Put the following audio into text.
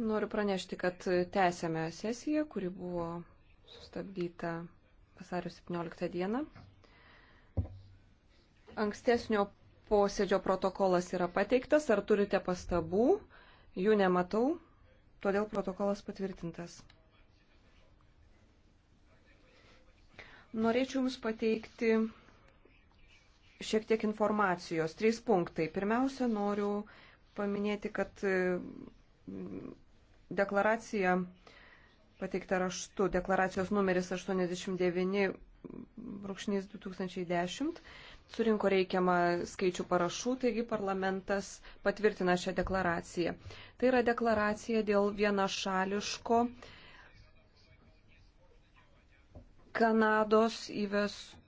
Noriu pranešti, kad tęsėme sesiją, kuri buvo sustabdyta vasario 17 dieną. Ankstesnio posėdžio protokolas yra pateiktas. Ar turite pastabų? Jų nematau, todėl protokolas patvirtintas. Norėčiau Jums pateikti šiek tiek informacijos. Trys punktai. Pirmiausia, noriu paminėti, kad deklaracija pateikta raštu, deklaracijos numeris 89 brūkšnys 2010 surinko reikiamą skaičių parašų, taigi parlamentas patvirtina šią deklaraciją. Tai yra deklaracija dėl vienašališko Kanados įvestų